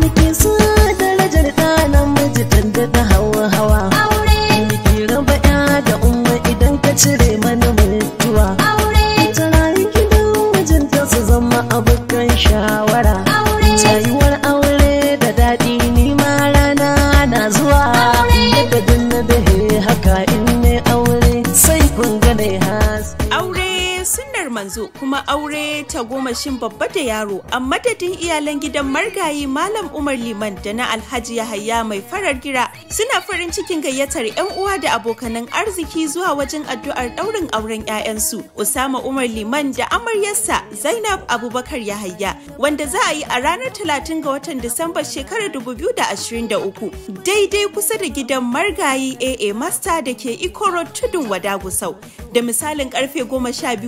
muke so darajar da namiji dan da hawa hawa aure muke raba ya da umma idan ka cire mana mutuwa aure tsararin gidan mijinta su zama abokan shawara aure tsayuwar aure da daɗi ni ma rana na zuwa aure da sunnar manzo kuma aure ta goma shin babba da yaro a madadin iyalan gidan margayi malam umar liman da na alhaji yahaya mai farar gira suna farin cikin gayyatar yan uwa da abokanan arziki zuwa wajen addu'ar daurin auren 'ya'yansu usama umar liman da amaryarsa zainab abubakar yahaya wanda za a yi a ranar talatin ga watan disamba shekarar uku, daidai kusa da gidan margayi aa master da ke ikoro tudun wadagusau da misalin karfe 12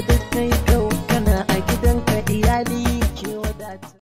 உலகத்தை